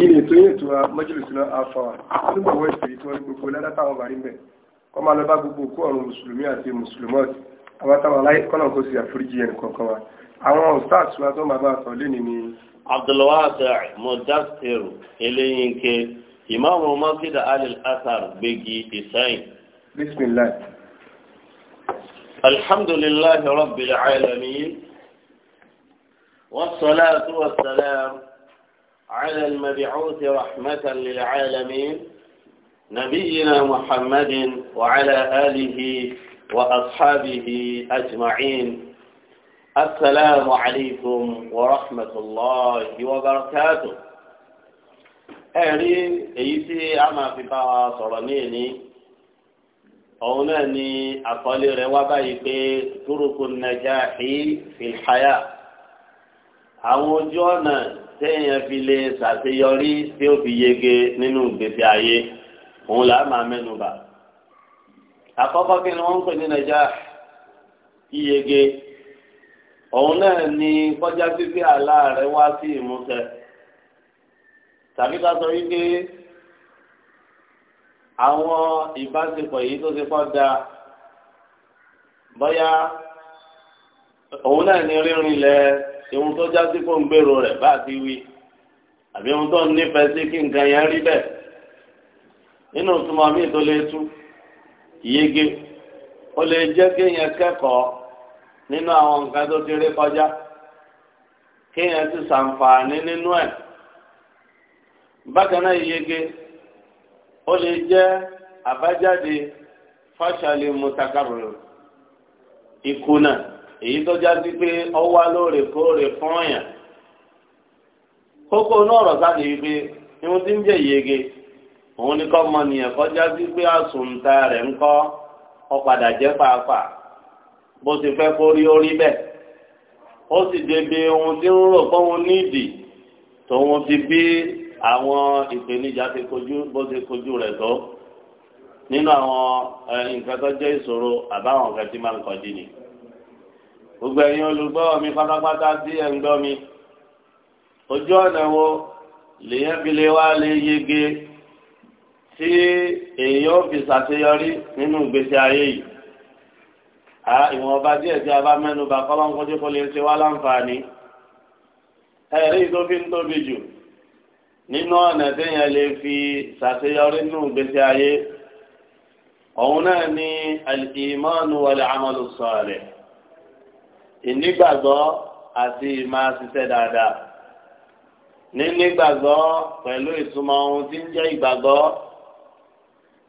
èyí lè tó yẹn tó a mọ́jìlìsì náà àfàwà nígbà wọ́n ṣe ètò ọdún gbogbo ládá táwọn bàrí máa bá gbogbo kó ọ̀run mùsùlùmí àti mùsùlùmọ́ọ̀tì àwọn táwọn aláì kọ́nà kó sì àforíjì ẹnì kọ̀ọ̀kan wa àwọn ọ̀stáàs wa tó máa bá على المبعوث رحمة للعالمين نبينا محمد وعلى آله وأصحابه أجمعين السلام عليكم ورحمة الله وبركاته أهلي إيتي أما في بقى صرميني أولا ني أقالي طرق النجاح في الحياة أو جونا téèyàn fi lè ṣàṣeyọrí tí ó fi yege nínú ìgbésí ayé òun là á máa mẹ́nu bà. àkọ́kọ́ kí ni wọ́n ń pè ní nàìjíríà yíyege òun náà ni kọjá pípé àlá rẹ wá sí ìmúṣẹ tàbí ká sọ wípé àwọn ìbáṣepọ̀ yìí tó ti pọ̀ da bóyá òun náà ni rírin lẹ́ẹ̀. ìhun tó já sí ń gbèrò rẹ̀ bá ti wí àbí ìhun tó ń nífẹ̀ẹ́ sí kí nǹkan yẹn rí bẹ́ẹ̀ nínú ìtumọ̀ mi tó lè tú ìyege ó lè jẹ́ kéèyàn kẹ́kọ̀ọ́ nínú àwọn nǹkan tó ti rí kọjá kéèyàn ti nínú ẹ̀ èyí tó já sí pé ọwá lóòrèkóòrè fún ọ̀yàn kókó náà ọ̀rọ̀ sáà nìyí pé ihun tí ń jẹ́ ìyege òun ni kọ́ mọ nìyẹn kọ́ já sí pé àsùnta rẹ̀ ń kọ́ ọ̀padà jẹ́ pàápàá bó ti fẹ́ kó rí orí bẹ́ẹ̀ ó sì débi ohun tí ń rò pé òun nídìí tòun ti bí àwọn ìpèníjà ti kojú bó ti kojú rẹ̀ tó nínú àwọn nǹkan tó jẹ́ ìṣòro àbáwọn nǹkan tí máa ń kọjú ni gbogbo ẹ̀yin olùgbọ́ mi pátápátá tí ẹ̀ ń gbọ́ mi ojú ọ̀nà wo lèyàn fi lè wá lè yege tí èèyàn ò fi ṣàṣeyọrí nínú ìgbésí ayé yìí a ìwọ̀nba díẹ̀ tí a bá mẹ́nu bà kọ́ lọ́nkọ́ lè ṣe wá láǹfààní ẹ̀rí tó fi ń tóbi jù nínú ọ̀nà téèyàn lè fi ṣàṣeyọrí nínú ìgbésí ayé òun náà ni al-imanu wal ìnígbàgbọ́ àti ìmáa ṣiṣẹ́ dáadáa nínígbàgbọ́ pẹ̀lú ìtumọ̀ ohun tí ń jẹ́ ìgbàgbọ́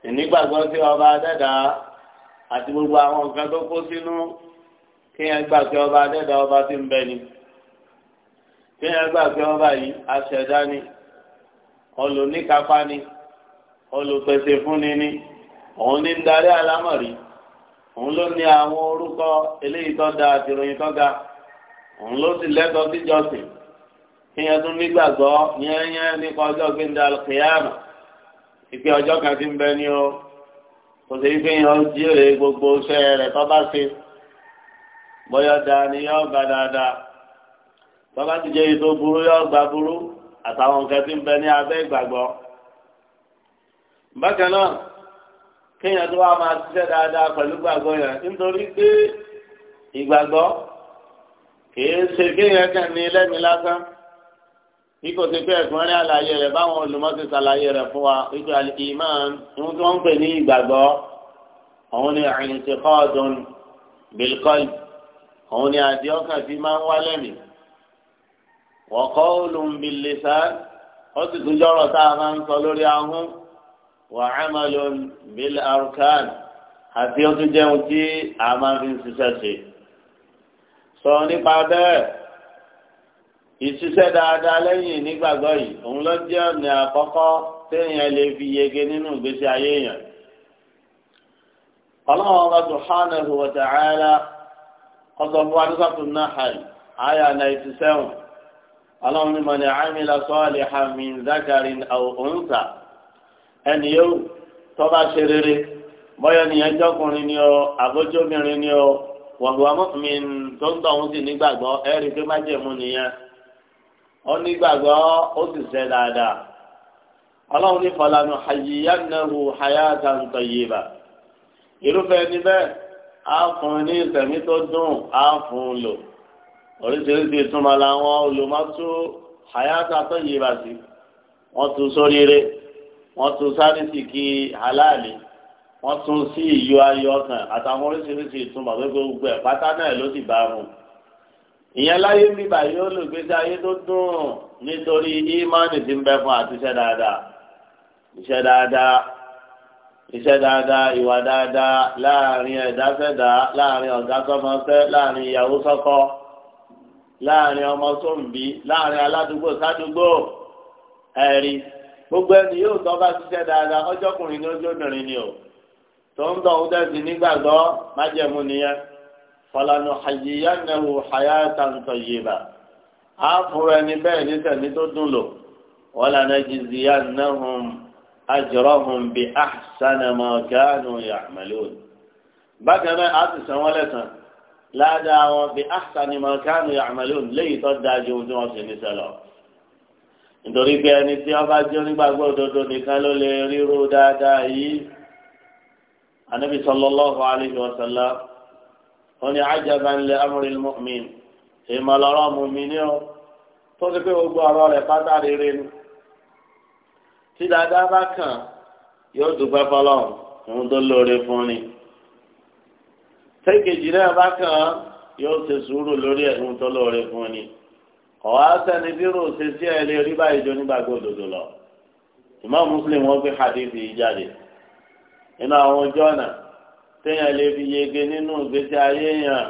ìnígbàgbọ́ sí ọba adẹ́dá àti gbogbo àwọn nǹkan tó kó sínú kí yẹn gbà pé ọba adẹ́dá ọba ti ń bẹ ni kí yẹn gbà pé ọba yìí aṣẹ̀dá ni olùníkápá ni olùpèsè fúnni ni òun ní ń darí alámọ̀rí òun ló ní àwọn orúkọ eléyìí tó da àti ìròyìn tó ga òun ló sì lẹ́tọ̀ọ́ síjọsìn kíyẹn tún nígbàgbọ́ yẹ́nyẹ́ nípa ọjọ́ gbẹ̀ndà kìyàmù ìpè ọjọ́ kan ti ń bẹ ní o kò sí pé yẹn jíire gbogbo iṣẹ́ rẹ̀ tó ṣe bóyá dáa ni yọ gba dáadáa tó bá ti jẹ́ èyí tó burú yọ gba burú àtàwọn nǹkan ti ń bẹ ní abẹ́ ìgbàgbọ́ bákan náà kéèyàn tó wá máa ṣiṣẹ́ dáadáa pẹ̀lú gbàgbọ́ yẹn nítorí pé ìgbàgbọ́ kìí ṣe kéèyàn kàn ní lẹ́mi lásán bí kò ṣe pé ẹ̀kúnrẹ́rẹ́ àlàyé rẹ̀ báwọn olùmọ̀ọ́sí ṣàlàyé rẹ̀ fún wa wípé al-iman ohun tí wọ́n ń pè ní ìgbàgbọ́ òun ni i'tiqadun bil-qalb òun ni àdìọ́kàn tí máa ń wá lẹ́mìí wa qawlun bil ó sì tún jọ́rọ̀ tá a máa ń sọ lórí ahọ́n wà amalun bil arkan àti ó tún jẹun tí a máa fi ń ṣiṣẹ́ ṣe sọ nípa bẹ́ẹ̀ ìṣiṣẹ́ dáadáa lẹ́yìn nígbàgbọ́ yìí òun ló jẹ́ ọ̀nà àkọ́kọ́ téèyàn lè fi yege nínú ìgbésí ayé yẹn. ọlọ́run ọba subhanahu wa ta'ala ọsọ fún adúgbàtú nahal aya ninety seven ọlọ́run ní man amila salihan min zakarin aw unsa. ẹni yóò tọ́ba ṣe rere bọ́yọ̀ nìyẹn jọkùnrin ni ọ àbójóbìnrin ni ọ wàhùwà tó ń tọ̀ ń sì nígbàgbọ́ nìyẹn ó nígbàgbọ́ ó sì ṣe dáadáa ọlọ́run ní irúfẹ́ bẹ́ẹ̀ á fún ní ìsẹ̀mí tó dùn á fún un lò oríṣiríṣi ìtumọ̀ làwọn olùmọ̀tò sí wọ́n tún wọ́n tún sáré sí kí aláàlì wọ́n tún sí ìyọ ayọ̀ ọkàn àtàwọn oríṣiríṣi ìtumọ̀ pé gbogbo ẹ̀ pátá náà ló sì bá mu. ìyẹn láyé bíbà yóò lò gbèsè ayé tó dùn nítorí ímánì ti ń bẹ fún àtiṣe dáadáa iṣẹ́ dáadáa iṣẹ́ dáadáa ìwà dáadáa láàrin ẹ̀dá sẹ́dá láàrin ọ̀gá sọ́mọṣẹ́ láàrin ìyàwó sọ́kọ láàrin ọmọ sóǹbí láàrin aládùúgbò sádùúgbò ẹ̀rí gbogbo ẹni yóò tọ́ bá ṣiṣẹ́ dáadáa ọjọ́kùnrin ní ojóbìnrin ni o tó ń tọ́ ọdún ẹ̀sìn nígbàgbọ́ májẹ̀mú nìyẹn fọlànà àyíyánnẹ̀wò hayátàǹtọ̀ yìíbà á fúnra ẹni bẹ́ẹ̀ ní tẹ̀mí tó dùn lò wọlànà jìzìyánnẹ̀hùn àjọrọ̀hùn bí àṣánàmọ̀ gánú yàmàlúùn bákan náà á sì san wọ́n lẹ́san ládàá wọn bí àṣánàmọ̀ gánú yàmàlúùn léyìí tó dáa ju ohun tí wọ́n ní sẹ́lọ̀ nítorí pé ẹni tí ọba jẹ́ onígbàgbọ́ òdodo nìkan ló lè ríro dáadáa yìí anabi sallallahu alayhi wa sallam wọn ni ajaban li amril mu'min ìmọ̀lọ́rọ̀ mùmíní o tó ti pé gbogbo ọ̀rọ̀ rẹ̀ pátá rere ni tí dáadáa bá kàn yóò dúpẹ́ fọlọ́run òun tó lóore fún ni tẹ́kẹ̀jì náà bá kàn yóò ṣe sùúrù lórí ẹ̀ òun tó lóore fún ni ọ̀wá sẹ́ni bírò ṣe sí ẹ̀ lè rí báyìí jọ nígbàgbọ́ òdodo lọ. ìmọ̀ muslim wọn gbé hadith yìí jáde nínú àwọn ojú ọ̀nà téèyàn lè fi yege nínú ìgbésí ayé yẹn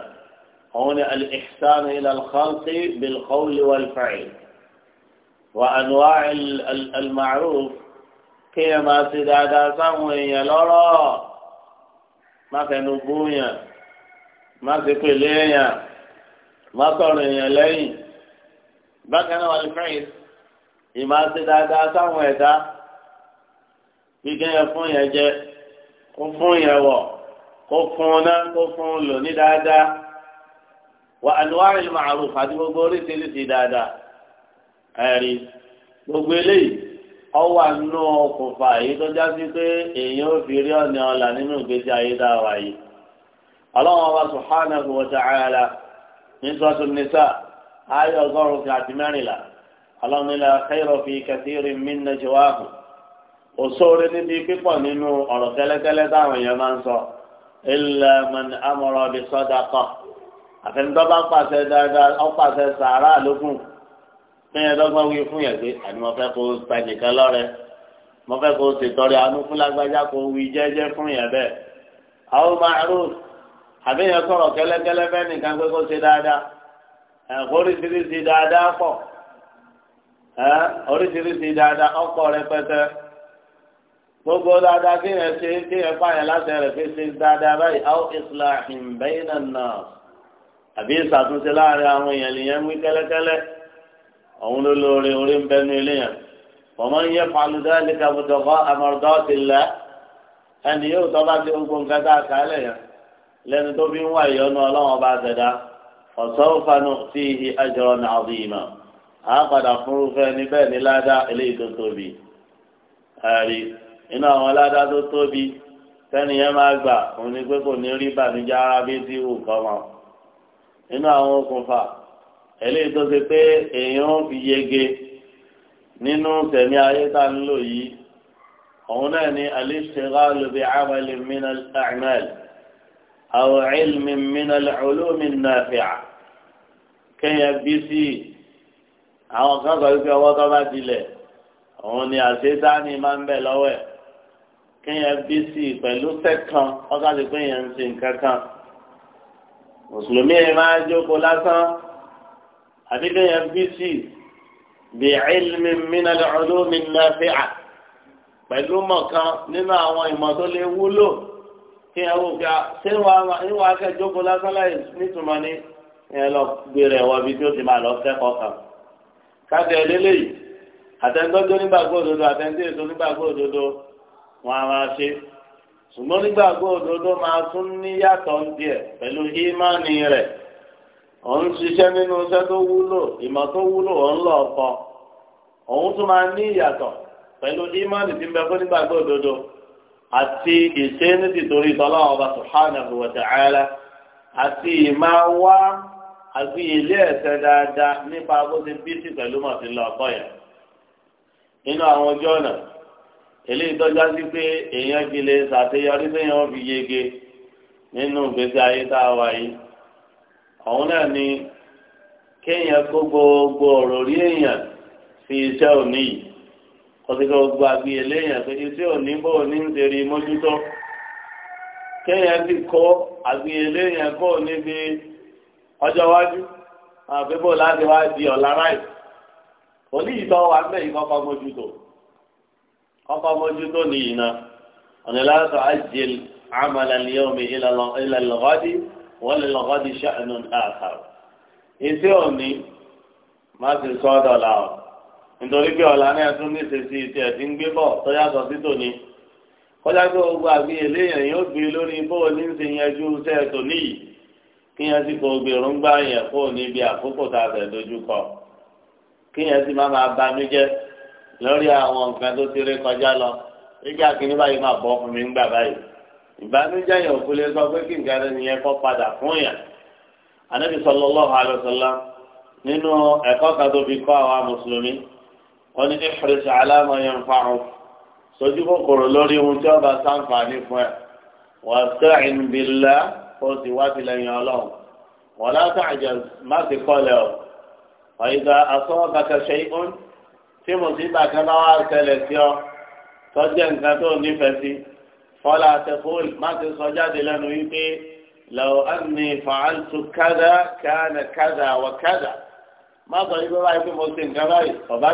àwọn ni al-ihsan ila al-khalqi bil-qawli wa anwa' al kéèyàn máa ṣe dáadáa sáwọn èèyàn lọ́rọ̀ má fẹnu bú yàn má ṣe pèlè yàn má sọ̀rọ̀ èèyàn lẹ́yìn bákan náà wà ní fẹ́yìn ìmọ̀ àti dáadáa sáwọn ẹ̀dá gbígbẹ́ yẹn fún yẹn jẹ kó fún yẹn wọ̀ kó fún ná kó fún lò ní dáadáa wà àlùwárí màrúf àti gbogbo oríṣiríṣi dáadáa ẹ̀rí gbogbo eléyìí ọwọ́ àánú okùnfà yìí tó jásí pé èèyàn ò fi rí ọ̀nà ọ̀la nínú ìgbésí ayé dáwà yìí ọlọ́run ọba subhanahu wa ta'ala ní sọ́tún nísà ayé ọgọ́rùn-ún àti mẹ́rìnlá alọ́nilá khayra fi kathirin min najwahu òṣòro níbi pípọ̀ nínú ọ̀rọ̀ kẹ́lẹ́kẹ́lẹ́ táwọn èèyàn máa ń sọ illa man amara bi sadaqa àfẹnudọ́ bá pàṣẹ dáadáa ó pàṣẹ sàárà lókun fẹ́yìn dọ́gbọ́n wí fún yẹn pé àní mo fẹ́ kó gba nìkan lọ́rẹ mo fẹ́ kó ṣètọrẹ àánú fún lágbájá kó wí jẹ́jẹ́ fún yẹn bẹ́ẹ̀ àwọn ma'ruf àbí yẹn sọ̀rọ̀ kẹ́lẹ́kẹ́lẹ́ fẹ́ nìkan pé kó ṣe dáadáa oríṣiríṣi dáadáa pọ̀ oríṣiríṣi dáadáa ọkọ̀ rẹpẹtẹ gbogbo dáadáa kí yẹn ṣe kí yẹn fààyàn láti rẹ̀ fi ṣe dáadáa báyìí aw islahin bayna an-nas àbí ìṣàtúnṣe láàrin àwọn èèyàn lèyẹn mú kẹ́lẹ́kẹ́lẹ́ òun ló lóore orí ń bẹnu ilé yẹn ọmọ yẹn fàlùdá ní kàbùtọ̀kọ́ àmọ̀dọ́ ti lẹ̀ ẹni yóò tọ́ bá ti gbogbo nǹkan tá a kà á lẹ̀ yẹn lẹ́ni tó fi ń wá ìyọnu ọlọ́wọ́n bá tẹ̀ ọ̀sọ́fà náà sí ihe ajọ́rọ̀ náà àbí ìmọ̀ á padà fúnrúfẹ́ níbẹ̀ ní ládá eléyìí tó tóbi ààrí inú àwọn ládá tó tóbi tẹ́ni yẹn máa gbà òun ni pé kò ní rí bànújẹ́ ara bí tí wù kọ́ mọ́ inú àwọn okùnfà eléyìí tó ṣe pé èèyàn fi yege nínú tẹ̀mí ayé tá ń lò yìí òun náà ni al-ishtighalu bi'amalin min al-a'mal aw ilmin min al-ulumi an kẹ́yìn bí sí àwọn kan sọ wípé ọwọ́ tó bá dilẹ̀ òun ni àṣetáni máa ń bẹ̀ lọ́wọ́ ẹ̀ kẹ́yìn bí sí pẹ̀lú sẹ́kàn ọ̀gá ti pé yẹn ń ṣe nǹkan kan mùsùlùmí yẹn máa jókòó lásán àbí kẹ́yìn bí sí bí ilmi mina al-ulumi an-nafi'a pẹ̀lú mọ̀kan nínú àwọn ìmọ̀ tó lè wúlò kí ẹ wò pé ṣé wàá kẹ́ jókòó lásán láì nítumọ̀ ni. ẹ lọ gbé rẹ wọ bí tí ó ti máa lọ kẹ́kọ̀ọ́ kan kájọ ìdílé yìí àtẹnudọjọ nígbàgbọ́ òdodo nígbàgbọ́ òdodo wọn a máa ṣe ṣùgbọ́n nígbàgbọ́ òdodo máa tún níyàtọ̀ díẹ̀ pẹ̀lú ìmánì rẹ̀ ṣiṣẹ́ nínú iṣẹ́ tó wúlò ìmọ̀ tó wúlò lọ òun tún máa ní ìyàtọ̀ pẹ̀lú ìmánì tí ń bẹ fún nígbàgbọ́ òdodo àti ìṣe nítorí àfi ilé ẹsẹ dáadáa nípa bó ti bí sí pẹ̀lú mọ̀ sí lọ ọkọ yẹn nínú àwọn ojú ọ̀nà eléyìí tọ́já sí pé èèyàn fi lè ṣàṣeyọrí séèyàn fi yege nínú ìgbésí ayé tá a wà yìí ọ̀hún náà ni kéèyàn kó gbogbo ọ̀rọ̀ rí èèyàn sí iṣẹ́ òní yìí ọ̀sẹ̀kọ̀ gbogbo àgbì eléyàn pé iṣẹ́ òní bò ní ń tẹ̀rí mójútó kéèyàn sì kó àgbì eléyàn kó níbi ọjọ́ iwájú àwọn pípọ̀ láti wá di ọ̀la ráì òní ìtọ́ wa bẹ́ẹ̀ yìí kọ́kọ́ mójútó kọ́kọ́ mójútó ní ìná ọ̀nà láti àjẹl àmàlà lẹ́yọ̀mí ilẹ̀ lọ́gọ́dí wọ́n lè lọ́gọ́dí ṣàánú àkàrà ètí òní má ti sọ ọ́ dọ̀la ọ̀ nítorí pé ọ̀la náà tún ní sèṣì ìtì ẹ̀ ti ń gbé bọ̀ tó yàtọ̀ sí tòní kọjá pé gbogbo àgbéyẹlé yẹn yóò gbé lórí bó ní ń ṣe yanjú sẹ́ẹ̀tò níyì kíyàn sì kó gbèrúngbà yẹn kó níbi àkókò tá a fẹ́ dojú kọ kíyàn sì má máa banújẹ́ lórí àwọn nǹkan tó ti rí kọjá lọ nígbà kíní báyìí máa bọ́ fún mi ńgbà báyìí ìbànújẹ́ yẹn ò fúlẹ sọ pé kí nǹkan rẹ nìyẹn kọ padà fún yẹn anabi sallallahu alaihi wasallam nínú ẹ̀kọ́ kan tó fi kọ́ àwa mùsùlùmí wọn ní ihris ala ma yanfa'uk sojú kòkòrò lórí ohun tí wọn bá ṣàǹfààní fún ẹ wasta'in billah kó o sì wábi lẹ́yìn ọlọ́run wọ́n látà àjẹ má ti kọ́lẹ̀ o ọ̀yìnbá asọ́ọ̀bàkà ṣe ń tí mo sì bá kan bá wà tẹ̀lẹ̀ sí ọ tọ́jú nǹkan tó nífẹ̀ẹ́ sí fọlá àtẹ̀fóòl má ti sọ jáde lẹ́nu wípé lọ́wọ́ ẹni fàáltù kádà kánà kádà wà kádà má sọ yìí bá báyìí pé mo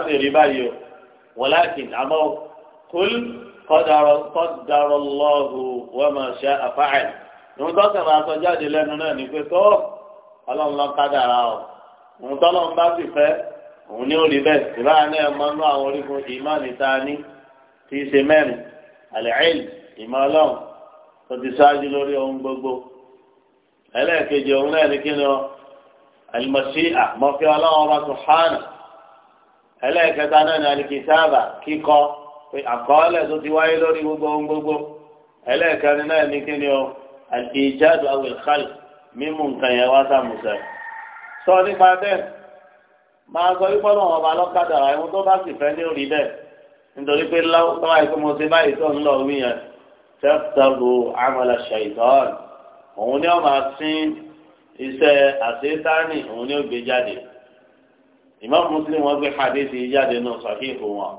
sì rí báyìí o wọ́n láti àmọ́ kúl kọ́dàrọ̀ lọ́hùn ìwọ̀n tó kàn máa sọ jáde lẹ́nu náà ní pé tó ọlọ́run lọ ká dára o òun tọ́lọ́run bá sì fẹ́ òun ní orí bẹ́ẹ̀ ìbára náà mọ́ inú àwọn orígun ìmánì tá a ní tí í ṣe mẹ́rin àlẹ́ẹ̀lì ìmọ̀ ọlọ́run tó ti ṣáájú lórí ohun gbogbo ẹlẹ́ẹ̀kejì òun náà ní kíni ọ àlùmọ̀síà mọ̀fẹ́ ọlọ́run ọba sùhánà ẹlẹ́ẹ̀kẹta náà ní alìkìtàbà kíkọ àkọọ́lẹ̀ tó ti wáyé lórí gbogbo ohun gbogbo ẹlẹ́ẹ̀kẹrin náà ní kíni ọ àdìjáde àwọn ìkàlù mímú nǹkan yẹn wá sàmùsà sọ nípa bẹ́ẹ̀ máa sọ wípé ọlọ́run ọba lọ́kadà rà ẹ̀hún tó bá sì fẹ́ ní orí bẹ́ẹ̀ nítorí pé lọ́wọ́ àìsàn mo ṣe báyìí tó ń lọ wí yẹn tẹ́tàbù àmàlà ṣàìtọ́ọ̀nù òun ni ó máa sín iṣẹ́ àṣetánì òun ni ó gbé jáde Imam Muslim wọn gbé hadithi jáde náà sàkíyèfò wọn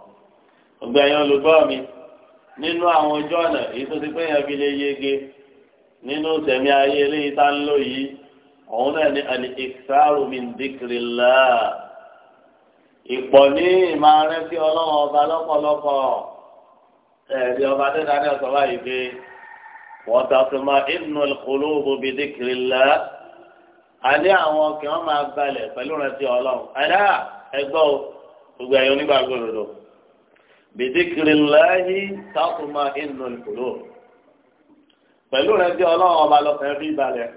ọgbẹ́ yẹn olùgbọ́ mi nínú àwọn ojú ọ̀nà èyí tó ti pé yẹn fi lè yege nínú sẹ̀mí ayé eléyìí tá ń lò yìí òun náà ní al-iktharu min dhikrillah ìpọ̀ ní ìmáa rántí ọlọ́run ọba lọ́pọ̀lọpọ̀ ẹ̀rí ọba tó dáná sọ báyìí pé wọ́n tàkùmá innal qulubu bi dhikrillah alẹ́ àwọn kí wọ́n máa balẹ̀ pẹ̀lú rántí ọlọ́run ẹ̀dá ẹgbọ́ gbogbo ẹ̀yọ́ nígbàgbọ́ òdodo bi dhikrillahi tàkùmá innal qulub pẹ̀lú rẹ̀ bí ọlọ́run ọba lọ́kàn rí balẹ̀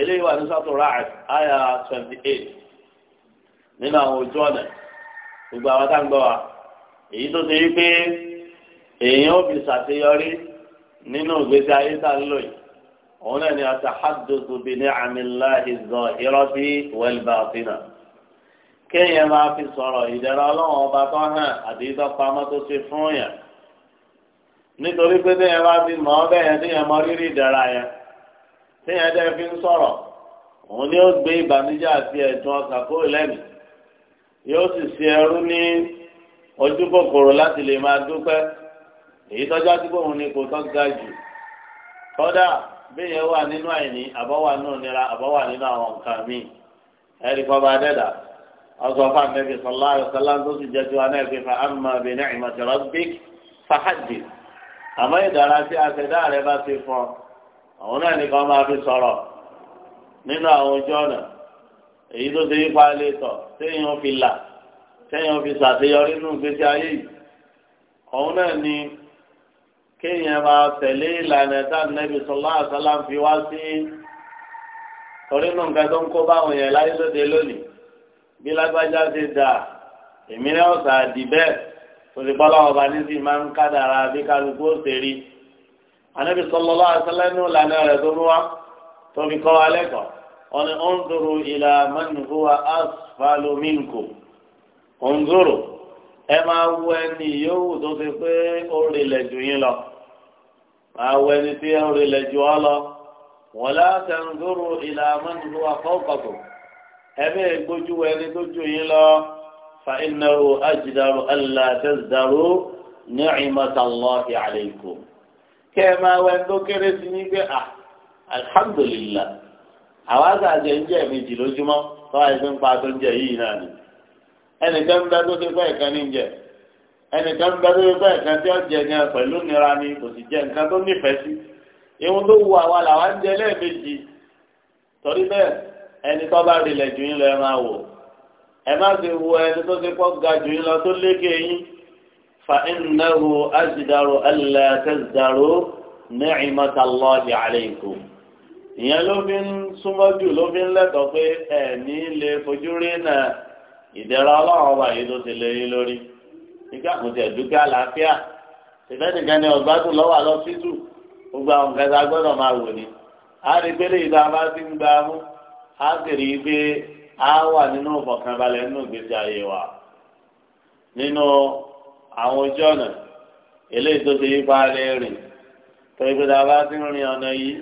eléyìí wà ní sọ́tò ráàd àyà twenty eight nínú àwọn ojú ọ̀nà gbogbo àwọn tá ń gbọ́ wa èyí tó ṣe wípé èèyàn ò fi ṣàṣeyọrí nínú ìgbésí ayé tá ń lò yìí òun náà ni àtàhàdùsù bí ní àmìlá ìzọ ìrọ́bí wẹ́lbà kéèyàn máa fi sọ̀rọ̀ ìdẹ̀rọ̀ ọlọ́run ọba tó hàn àdéhùn pamọ́ tó ṣe fún yàn. nítorí pé bẹ́ẹ̀ wá fi mọ̀ ọ́ bẹ́ẹ̀ téèyàn mọ rírì ìdára yẹn téèyàn dẹ́ fi ń sọ̀rọ̀ òun ni ó gbé ìbànújẹ́ àti ẹ̀dùn ọkàn kúrò lẹ́nu yóò sì ṣe ẹrú ní ojú kòkòrò láti lè máa dúpẹ́ èyí tọ́jú àti òun ni kò tọ́ ga jù kódà bẹ́ẹ̀ wà nínú àìní àbọ̀wà nira àbọ̀wà nínú àwọn nǹkan míì ẹ̀rí ọ̀sọ̀ fún àmì ẹ̀fẹ̀ sọ̀lá tó sì jẹ́ tiwa náà ẹ̀fẹ̀ àmọ́ ìdára tí àṣẹdá rẹ bá ti fún ọ àwọn náà nìkan máa fi sọ̀rọ̀ nínú àwọn ojú ọ̀nà èyí tó ṣe yípa ilé tọ̀ téèyàn fi là téèyàn fi ṣàṣeyọrí nínú ìgbésí ayé yìí ọ̀hún náà ni kéèyàn máa tẹ̀lé ìlànà tá nẹ́bí sọlá àṣálà ń fi wá sí torí nù nǹkan tó ń kó báwọn yẹn láyé lóde lónìí bí lágbájá ti dà èmi náà sà dì tòsí bọ́láwọ̀ bá ní sì máa ń kádàrà bí kálukú ó ṣe rí anabi sallallahu alaihi wasallam lànà rẹ̀ tó mú wa tóbi kọ́ alẹ́ kọ́ ọ̀nà ọ̀ndòrò ìlà mọ́nìkúwa asfalu minkum ọ̀ndòrò ẹ máa wọ ẹni yòówù tó ṣe pé ó rìnlẹ̀ jù yín lọ máa wọ ẹni tí ó rìnlẹ̀ jù ọ lọ wala tanzuru ìlà mọ́nìkúwa fawqakum ẹ bẹ́ẹ̀ gbójú ẹni tó jù yín lọ. فإنه أجدر ألا تزدروا نعمة الله عليكم كما وذكر سنيك الحمد لله àwáṣà àti ẹ̀ńjẹ́ méjì lójúmọ́ tọ́wá ẹ̀sìn ń pa tó ń jẹ yìí náà ni ẹnìkan ń bẹ tó ti fẹ́ ẹ̀kan ní jẹ ẹnìkan ń bẹ tó ti fẹ́ ẹ̀kan tí ó jẹ gan pẹ̀lú nira ni kò sì jẹ nǹkan tó nífẹ̀ẹ́ sí ihun tó wu àwa làwa ń jẹ lẹ́ẹ̀mejì torí bẹ́ẹ̀ ẹni tó bá rilẹ̀ jù yín lọ ẹ máa wò ẹ má fi wo ẹni tó ti kọ́ ga jù yín lọ tó lékè yín fa innahu ajdaru alla tazdaru ni'mata Allahi alaykum. ìyẹn ló fi ń súnmọ́ jù ló fi ń lẹ́tọ̀ọ́ pé ẹ̀mí lè fojú rí náà ìdẹ̀ra ọlọ́run ọba yìí tó ti lè yín lórí. nígbà kò tẹ̀ dúkìá àlàáfíà tìfẹ́nìkan ni ọ̀gbádùn lọ́wọ́ àlọ́sítù gbogbo àwọn kẹta gbọ́dọ̀ máa wò ni. a rí pé á wà nínú ìfọ̀kànbalẹ̀ nínú ìgbésí ayé wa nínú àwọn ojú ọ̀nà eléyìí tó ti yípa rẹ̀ rìn torí pé tá a bá ti rìn ọ̀nà yìí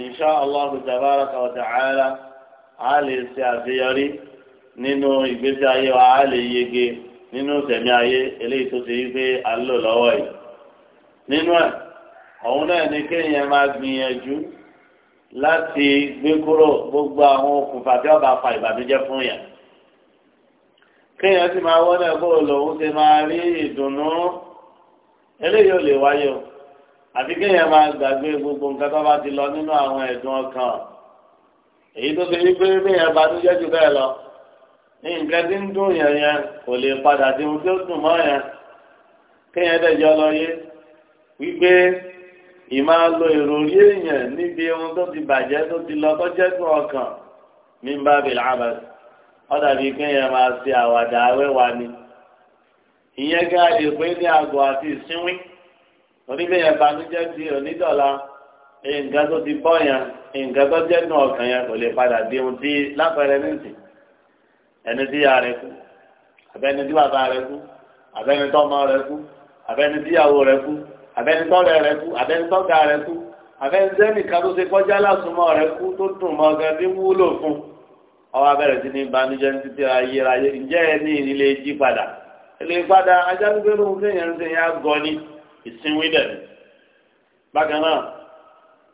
insha Allah tabaraka wa ta'ala á lè ṣe àṣeyọrí nínú ìgbésí ayé wa á lè yege nínú sẹ̀mí ayé eléyìí tó ti yípe àlò lọ́wọ́ yìí nínú ẹ̀ òun náà ni kéèyàn máa gbìyànjú láti gbé kúrò gbogbo àwọn okùnfà tí ọba fa ìbànújẹ́ fún yẹn kéèyàn sì máa wọlé bó lòun ṣe máa rí ìdùnnú eléyìí ò lè wáyé o àti kéèyàn máa gbàgbé gbogbo nǹkan tó bá ti lọ nínú àwọn ẹ̀dùn ọkàn èyí tó ṣe wípé béèyàn banújẹ́ jù bẹ́ẹ̀ lọ ní nǹkan tí ń dùn yẹn yẹn kò lè padà di ohun tí dùn mọ́ yẹn kéèyàn dẹ̀jọ́ lọ yé wípé ìmá lo ìròrí èèyàn níbi ohun tó ti bàjẹ́ tó ti lọ tó jẹ́ tó ọkàn ní bábí làbàs ọ̀dà bíi kéèyàn máa ṣe àwàdà awẹ́wà ni ìyẹn gáà lè pé ní àgọ́ àti ìsínwín oníbẹ̀yẹn banújẹ́ di onídọ̀la nǹkan tó ti bọ́ yẹn nǹkan tó jẹ́ nù ọkàn yẹn kò lè padà di ohun tí lápẹẹrẹ nìsí ẹni tí ya rẹ kú àbẹ́ni tí bàbá rẹ kú àbẹ́ni tọ́mọ rẹ kú àbẹ́ni tíyàwó rẹ kú abẹnitọ́ rẹ rẹ kú abẹnitọ́ ga rẹ kú abẹnitẹ́ nìkan tó ṣe kọjá lásùmọ̀ rẹ kú tó dùn mọ́ gan bí wúlò fún ọwọ́ abẹ́rẹ́ sí ní ìbànújẹ́ ní títí ayérayé ǹjẹ́ ẹ ní ìnílé jí padà ilé padà ajágbéró fẹ́yàn ń sẹ́yìn àgọ́ ní ìsinmi dẹ̀ bákan náà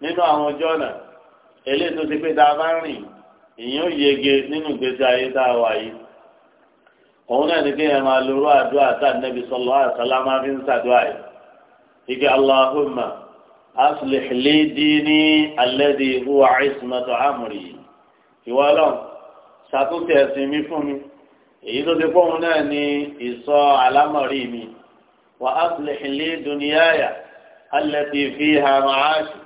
nínú àwọn ọjọ́ náà eléyìí tó pé tá bá rìn èèyàn yege nínú ìgbésí ayé tá a wà yìí òun náà ní kéèyàn máa lorú àdúrà tá a nẹ́bi sọ̀lọ́ àṣálá fi ń ṣàdúrà yìí ike اللهم أصلح لي dini الذي هو ismatu عمري ìwọ ọlọ́run ṣàtúntì ẹ̀sìn mi fún mi èyí tó ti pọ́n náà ni ìsọ àlámọ̀rí mi wa aslih li dunyaya allati fiha ma'ashi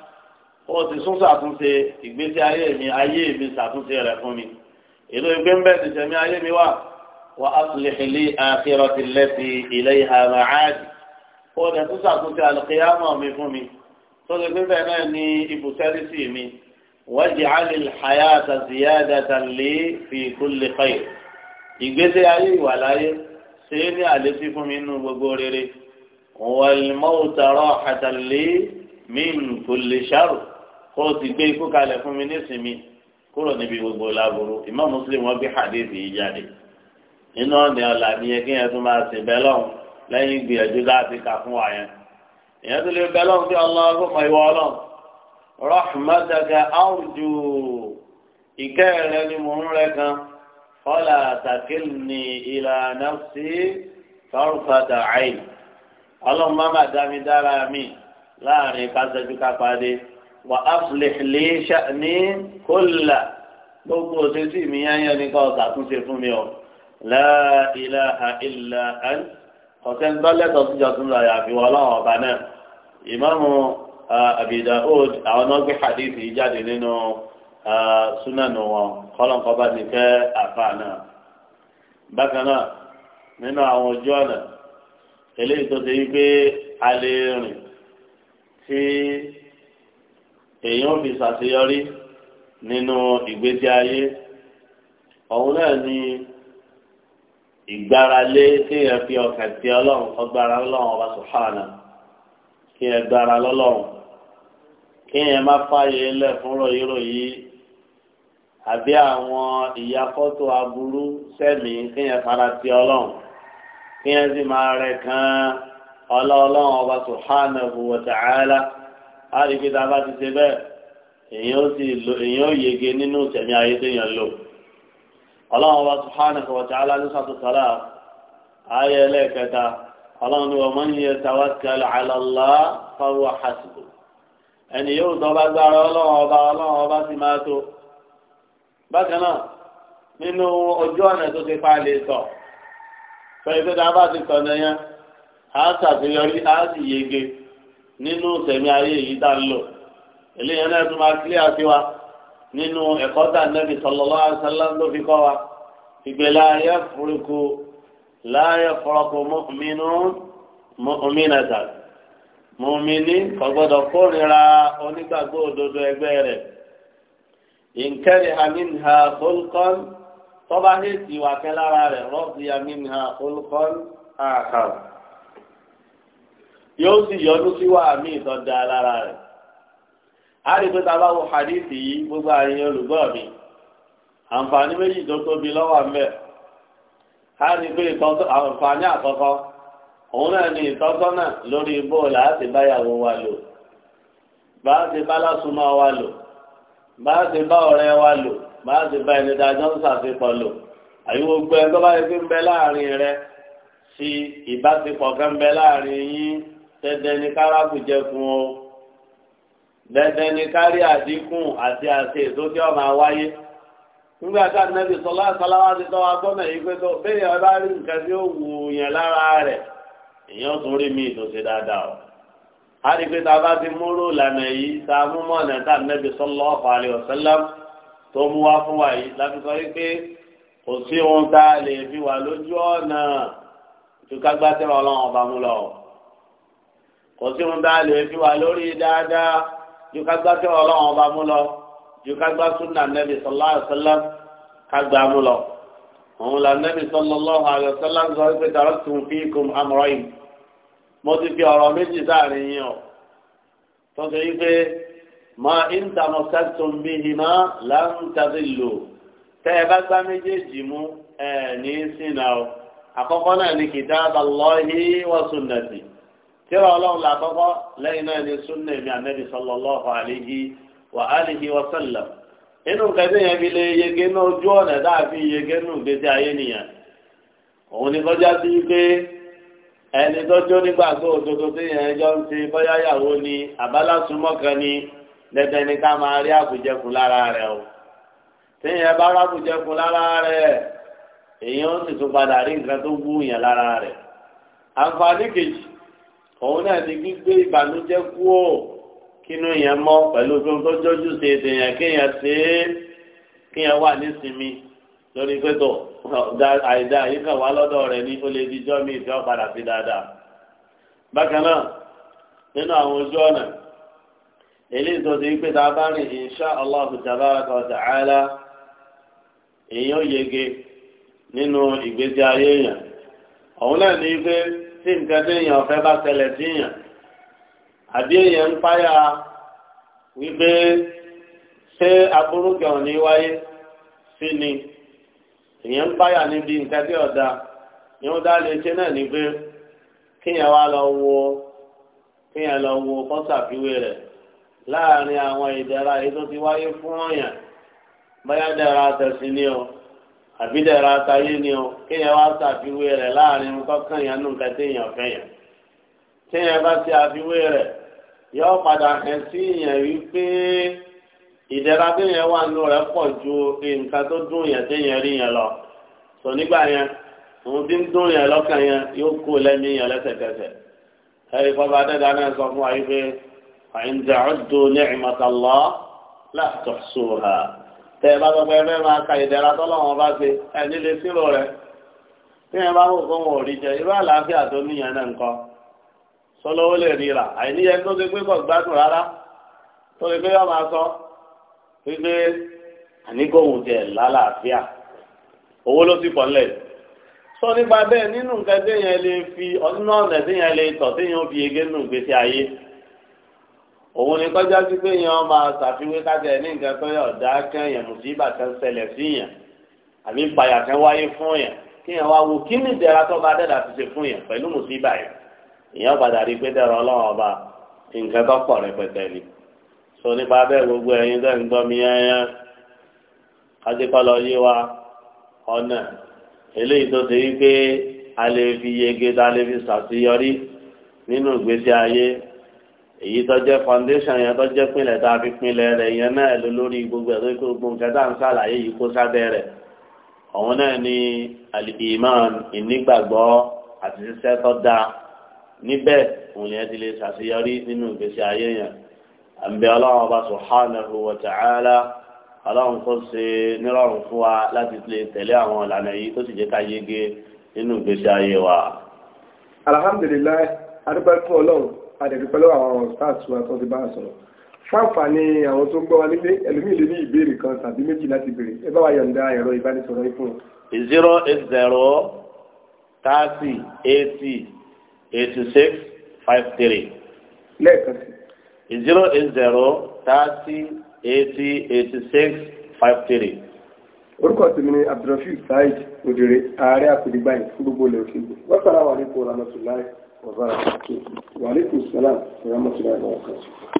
ó ti sún ṣàtúnṣe ìgbésí ayé mi ayé mi ṣàtúnṣe rẹ̀ fún mi èlò ìgbé ń bẹ́ẹ̀ ti sẹ́mi ayé mi wà wa aslih li akhirati allati ilayha ma'ashi ọ̀dà tó ṣàkóso àlùkìyàmọ̀ mi fún mi tó lè pípẹ́ náà ní ibùsẹ́rìsì mi waj'al al-hayata ziyadatan li fi kulli khair ìgbésí ayé ìwà láyé ṣe é ní àlékún fún mi nínú gbogbo rere wal mawta rahatan li min kulli sharr kó o ti gbé ikú kalẹ̀ fún mi nísìnyí kúrò níbi gbogbo láburú Imam Muslim wọn gbé hadith yìí jáde nínú ọ̀nà ọ̀làmìyẹ kí ẹ tún máa sìn bẹ́ẹ̀ lọ́hùn lẹ́yìn gbìyànjú láti kà fún wa yẹn ìyẹn tó lè bẹ lọ́hùn bí ọlọ́run mọ ìwọ ọlọ́run rahmataka arju ìkẹ́ rẹ ni mò ń rẹ kan fọlá takilni ila nafsi tarfata ayn ọlọ́run má má dá mi dára mi láàrin kásẹ́jú kápadé wà aslih li sha'ni kulla gbogbo òṣèṣì mi yẹn yẹn ní ká ọ̀sà túnṣe fún mi ọ la ilaha illa ọ̀sẹ̀ni tọ́lẹ̀tọ̀ síjọ tún lọ yàfi wọ́n ọlọ́wọ́ ọba náà ìmáàmù Abi Daud àwọn náà gbé hadith yìí jáde nínú súnánù wọn kọ́lọ́nkọ́ bá ti fẹ́ àfa náà. bákan náà nínú àwọn ojú ọ̀nà eléyìí tó ti yí pé a lè rìn tí èèyàn fi ṣàṣeyọrí nínú ìgbésí ayé ọ̀hún náà ni ìgbáralé kéèyàn fi ọkàn ti ọlọ́run ọgbára ọlọ́run ọba sùhánà kéèyàn gbára lọ́lọ́run kéèyàn má fààyè lẹ̀ fún ròyìnròyìn àbí àwọn ìyàkọ́tò aburú sẹ́mi kéèyàn fara ti ọlọ́run kéèyàn sì máa rẹ̀ kan ọlọ́ọ̀lọ́run ọba sùhánà wa ta'ala àríkítà bá ti ṣe bẹ́ẹ̀ èèyàn ó yege nínú ìṣẹ̀mí ayé téèyàn lò ọlọ́run wa subhanahu wa ta'ala ní sàtúntàlá ayé ẹlẹ́ẹ̀kẹta ọlọ́run ni wọ́n máa ń yẹ tawakkal ala Allah fahuwa hasbu ẹni yóò dọ́gba gbára ọlọ́run ọba ọlọ́run ọba sì máa tó bákan náà nínú ojú ọ̀nà tó ti pa lè sọ fẹ́ẹ́ tó dáa bá ti sọ nìyẹn á ṣàṣeyọrí á sì yege nínú sẹ̀mí ayé yìí dá lò eléyìí náà tún máa kílíà sí wa nínú ẹ̀kọ́ tá a nẹ́bi sọlọ́lá àṣálá ló fi kọ́ wa ìgbé láàyè fúrukú láàyè fúrukú mọ́mínú mọ́mínàtà mọ́míní kò gbọ́dọ̀ kórìíra onígbàgbọ́ òdodo ẹgbẹ́ rẹ̀ ìǹkẹ́rì àmínà olùkọ́n tọ́ba hẹ́ẹ̀tì wà kẹ́ lára rẹ̀ rọ́ọ̀sì àmínà olùkọ́n àkàrà yóò sì yọdún sí wàhámì ìtọ́jà lára rẹ̀ àrí pé tá a bá wo hadithi yìí gbogbo àyìn olùgbọ́ mi àǹfààní méjì tó tóbi lọ́wọ́ mbẹ́ àrí pé àǹfààní àkọ́kọ́ òun náà ní ìtọ́sọ́nà lórí bóòlù àti báyàwó wa lò bá a ti bá lásùmọ́ wa lò bá a ti bá ọ̀rẹ́ wa lò bá a ti bá ẹni dájọ́ ń ṣàfihàn lò àyíwò gbẹ tó bá yẹ kí ń bẹ láàrin rẹ sí ìbáṣepọ̀ kan bẹ láàrin yín tẹ́tẹ́ ní káràkù jẹ fún o dandan ni kárí àdínkù àti àti ètò tí ọmọ àwáyé nígbà tá nàbì sọlá sọláwá ti tọ́ agbọ́nà yìí pé tó bẹ́ẹ̀ ọba rí nǹkan tí ó wù yẹn lára rẹ̀ èèyàn tún rí míì tó ṣe dáadáa o a rí pé tá a bá ti múrò lànà yìí tá a mú mọ́ ọ̀nà tá nàbì sọlá ọ̀fàlẹ̀ ọ̀sẹ́lẹ̀m tó mú wá fún wa yìí láti sọ wípé kò sí ohun tá a lè fi wà lójú ọ̀nà ju kágbá tẹ́wọ̀ ọlọ́run ọba mú lọ kò sí ohun tá a lè fi wà lórí dáadáa ju ká gbá tí ọlọ́run ọba mú lọ ju ká gbá súnà nẹ́bí sọlá àṣẹlá ká gbá mú lọ. òun là nẹ́bí sallallahu alaihi wasallam sọ pé taraktum fiikum amrayn mo ti fi ọ̀rọ̀ méjì sáàrin yín o tó ṣe pé ma in tamassaktum bihima lan tadillu tẹ́ ẹ bá gbá méjèèjì mú ẹ̀ ní sínà àkọ́kọ́ náà ni kitaballahi wa sunnati tíra ọlọ́run là kọ́kọ́ lẹ́yìn náà ni sunna mi anabi sallallahu alayhi wa alihi wa sallam inú kẹsí yẹn fi lè yege náà ojú ọ̀nà dáàfin yege nù gbèsè ayé nìyẹn òun ni kọjá sí pé ẹni tó jó nígbàgbọ́ òdodo tí yẹn jọ ń ṣe bóyá yàwó ni àbálásùmọ́ kan ni dandan ni ká máa rí àbújẹkù lára rẹ o tí yẹn bá rí àbújẹkù lára rẹ èèyàn sì tún padà rí nǹkan tó wú yẹn lára rẹ àǹfààní kejì òun náà ni gbígbé ìbànújẹ́ kúò kínú yẹn mọ́ pẹ̀lú tó ń ṣe èdèyàn kéèyàn ṣe é kéèyàn wà nísìnyí lórí pẹ́tọ̀ àìdá yìí kàn ní mi ìfẹ́ padà fi dáadáa. bákan náà nínú àwọn ojú ọ̀nà eléyìí tó ti pé tá a bá rìn insha Allah ta'ala yege nínú ìgbésí ayé òun náà ní pé. tí nǹkan tí èèyàn fẹ́ bá ṣẹlẹ̀ sí èèyàn àbí èèyàn ń páyà wípé ṣé aburú kan ní wáyé sí ni èèyàn ń páyà níbi nǹkan tí ọ̀dà ìhun dá lè ṣe náà ni pé kíyàn wá lọ wo kíyàn lọ wo kọ́sàfíwé rẹ̀ láàárín àwọn ìdẹ̀ra èyí tó ti wáyé fún ọ̀yàn báyà dẹ̀ra tẹ̀sí ni o àbídẹ̀rẹ̀ àtayé ni ọ kéèyàn wá ṣàfiwé rẹ̀ láàrin kọ́kàn yẹn nù nǹkan téèyàn fẹ́ yẹn téèyàn bá ṣe àfiwé rẹ̀ yọ padà hàn sí yẹn wípé ìdẹ̀ra téèyàn wà nù rẹ̀ pọ̀ ju nǹkan tó dùn yẹn téèyàn rí yẹn lọ sọ nígbà yẹn òun ti ń dùn yẹn lọ́kàn yẹn yóò kó lẹ́mí yẹn lẹ́sẹ̀kẹsẹ̀ ẹ̀rí fọba dẹ́dá náà sọ fún wa yìí pé àyìnjẹ́ tẹ ẹ bá sọ pé ẹfẹ máa ka ìdẹ̀ra tọ́lọ́wọ́n bá ṣe ẹ nílé sírò rẹ tí ẹ bá wò fún wọn ò rí jẹ irú àlàáfíà tó níyẹn náà nǹkan sọlọ́wọ́ lè ríra àìníyẹn tó ṣe pé kò gbádùn rárá tó ṣe pé yọ máa sọ wípé àníkòhùn tiẹ̀ lálàáfíà owó ló ti pọ̀ lẹ̀ sọ nípa bẹ́ẹ̀ nínú nǹkan téèyàn lè fi ọdún náà ọ̀nà téèyàn lè tọ̀ téèyàn fi yege nínú ìgbésí ayé òun ni kọjá sí pé yẹn máa ṣàfiwé kájà ní nǹkan tó yẹ ọ̀dà kẹyàn mùsíbà kan ṣẹlẹ̀ sí yẹn àbí ìpayà kan wáyé fún yẹn kí yẹn wá wo kí ni ìdẹ̀ra tó bá dẹ̀dà ti ṣe fún yẹn pẹ̀lú mùsíbà yẹn ìyẹn padà rí pé dẹ̀rọ ọlọ́run ọba nǹkan tó pọ̀ rẹpẹtẹ ni so nípa bẹ́ẹ̀ gbogbo ẹ̀yin tẹ́ ń gbọ́ mi yẹn kájíkọ́ lọ yé wa ọ̀nà eléyìí tó ṣe wípé a lè èyí tó jẹ́ foundation yẹn tó jẹ́ pinlẹ̀ tá a fi pinlẹ̀ rẹ̀ yẹn náà ló lórí gbogbo ẹ̀ tó kí gbogbo nǹkan tá à ń ṣàlàyé yìí kó sábẹ́ rẹ̀ ọ̀hún náà ni al-iman ìnígbàgbọ́ àti ṣiṣẹ́ tó dáa níbẹ̀ òun yẹn ti lè ṣàṣeyọrí nínú ìgbésí ayé yẹn àǹbẹ̀ ọlọ́run ọba subhanahu wa ta'ala ọlọ́run kó ṣe nírọ̀rùn fún wa láti lè tẹ̀lé àwọn ìlànà yìí tó sì jẹ́ ká yege nínú ìgbésí ayé wa. alhamdulilayi adúpẹ́ fún ọlọ́run àdẹ̀dùpẹ́ lọ́wọ́ àwọn stars wa tó ti bá a sọ̀rọ̀ fáǹfààní àwọn tó ń gbọ́ wa nílé ẹlòmíì lè ní ìbéèrè kan tàbí méjì láti béèrè ẹ bá wa yọ̀ǹda ẹ̀rọ ìbánisọ̀rọ̀ yìí zero eight zero thirty eighty eighty six five three. lẹ́ẹ̀kan sí. zero eight zero thirty eighty eighty six five three. orúkọ tèmi ni abdulrafeel saheed òdèrè ààrẹ àpèjìgbà yìí fún gbogbo ilẹ̀ òkèègbè wọ́n sọ̀rọ̀ àwọn àlékún ọ̀làmọ̀tò láì. wa barakatuh wa alaikum salam wa rahmatullahi